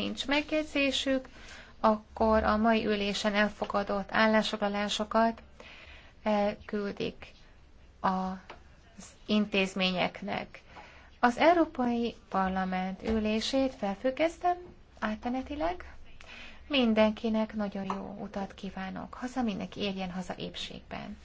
nincs megjegyzésük, akkor a mai ülésen elfogadott állásfoglalásokat elküldik az intézményeknek. Az Európai Parlament ülését felfüggesztem átmenetileg. Mindenkinek nagyon jó utat kívánok haza, mindenki érjen haza épségben.